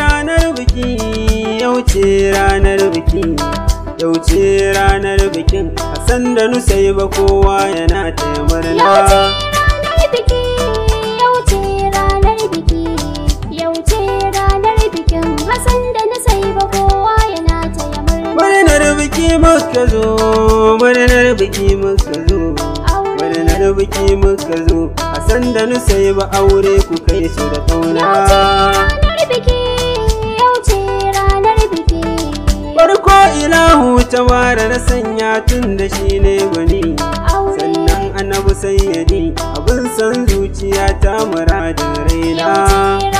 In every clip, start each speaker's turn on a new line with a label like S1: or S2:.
S1: ranar biki yau ce ranar biki yau ce ranar bikin Hassan da Nusai ba kowa yana murna ranar ranar ranar
S2: bikin da ba kowa yana ta
S1: murnar muka zo murnar biki muka zo murnar biki muka zo Hassan da Nusai ba aure ku kai su da kauna farko ilahu tawara na sanya tun da shi ne gwani sannan annabi sayyadi abin san zuciya ta muradin raina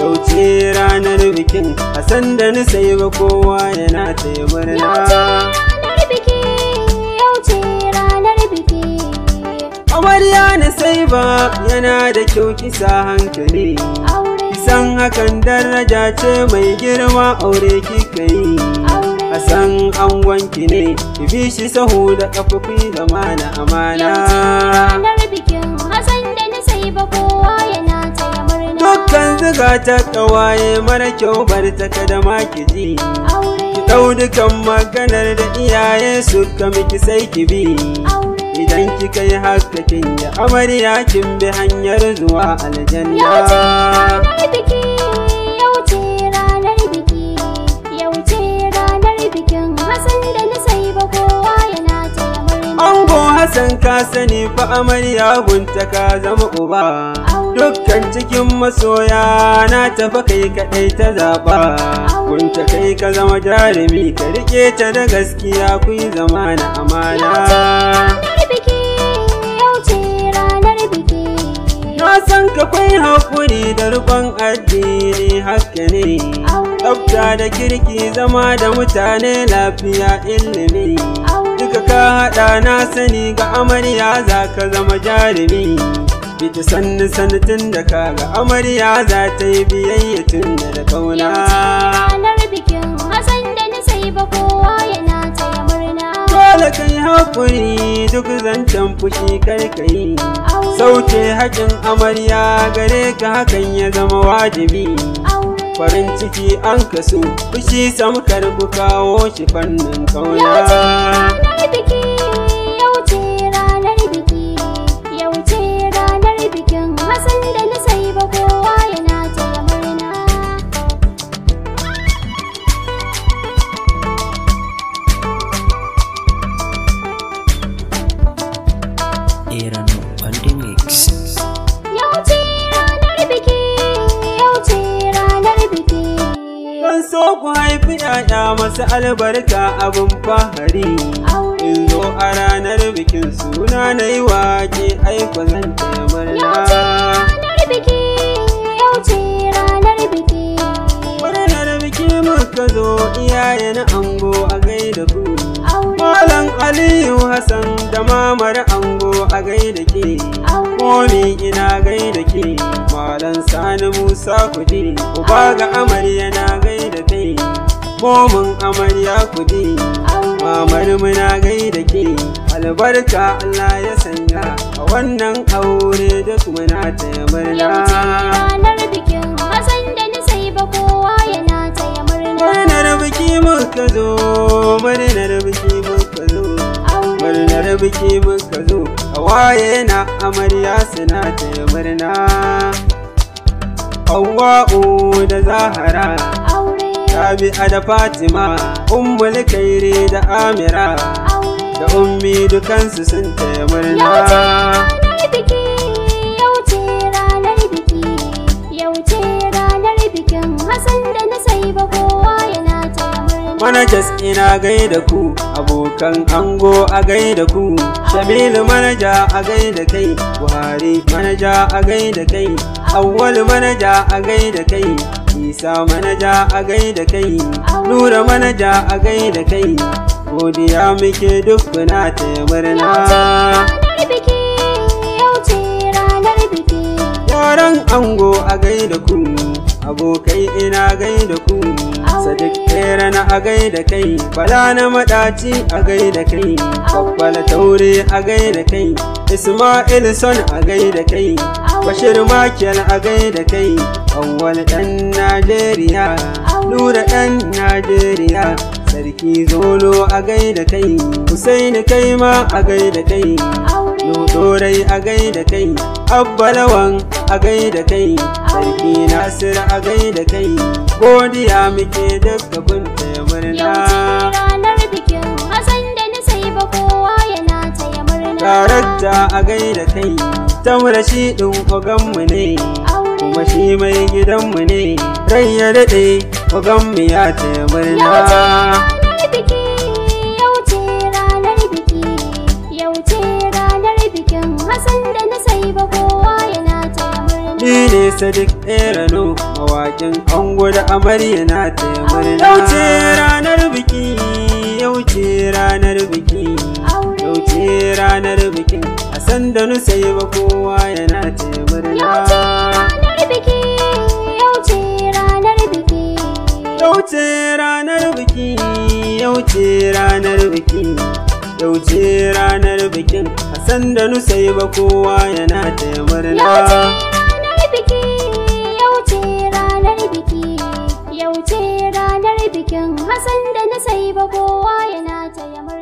S1: yauce ranar bikin a sanda ni sai ba kowa yana taya murna
S2: amarya na sai ba
S1: yana da kyau kisa hankali san hakan daraja ce mai girma aure kika yi a san an wanki ne ki bi shi sahu da kafafi da mana amana Yauce ranar
S2: bikin hasan da na sai ba kowa yana
S1: dukkan zuga ta ɗawaye mara kyau bar ta kada ma ki ji ki dau dukan maganar da iyaye suka miki sai ki bi idan kika yi haka kin amarya kin bi hanyar zuwa aljanna san ka sani fa amarya gunta ka zama uba dukkan cikin masoya na tafa kai kadai ta zaba gunta kai ka zama jarumi ka rike ta da gaskiya ku yi zama na amana Na san ka kwai haƙuri da rukon addini haka ne, tsafta da kirki zama da mutane lafiya ilimi. ka ka haɗa na sani ga amarya za ka zama jarumi bita sannu sannu da ka ga amarya za ta yi biyayya tun da kauna ranar
S2: da na sai ba kowa yana ta
S1: dole ka yi haƙuri duk zancen fushi kai ka yi sauke haƙin amarya gare ka hakan ya zama wajibi farin ciki an kasu. fushi sam karbu kawo shi fannin kauna so ku haifi ‘ya'ya masu albarka abin fahari. In zo a ranar bikin suna na yi wake aiko zan taimar na. Ranar biki muka zo iyayen an Aliyu Hassan da mamar ango a gaida ke komi ina gaida ke malan sani Musa kudi uba ga amarya na gaida kai momin amarya kudi mamar muna gaida ke albarka Allah ya sanya a wannan aure da kuma na taya ranar
S2: na ba kowa yana biki
S1: muka zo murnar biki ranar biki muka zo waye na amarya suna taya murna hawa'u da zahara rabi'a da fatima ummul kairi da amira da ummi dukansu sun taya murna manajas ina gaida ku abokan ango a gaida ku shamilu manaja a gaida kai buhari manaja a gaida kai awwalu manaja a gaida kai isa manaja a gaida kai nura manaja a gaida kai godiya muke duk na ta murna Sauran ango a gaida ku, abokai ina gaida ku, Sadiq tsere na a gaida kai, Bala na maɗaci a gaida kai, Babbala taure a gaida kai, Ismail son a gaida kai, Bashir Makiyal a gaida kai, Awwal ɗan Najeriya, Nura ɗan Najeriya. sarki zolo a gaida kai husaini kai ma a gaida kai dorai a gaida kai abbalawan a gaida kai sarki nasir a gaida kai godiya muke daga kun ya murna ranar
S2: bikin gai da na
S1: sai ba kai shi oganmu ne kuma shi mai gidanmu ne rai ya daɗe bugan mu ya ce murna Ni ne Sadiq Erano mawaƙin ango da amarya na taimurna. Yau ce ranar biki, yau ce ranar biki, yau ce ranar biki, a sanda nusa ba kowa yana taimurna. ranar biki yau ce ranar biki yau ce ranar bikin Hassan da Nusai ba kowa yana taya murna
S2: Yau ce ranar bikin san da ba kowa yana ta murna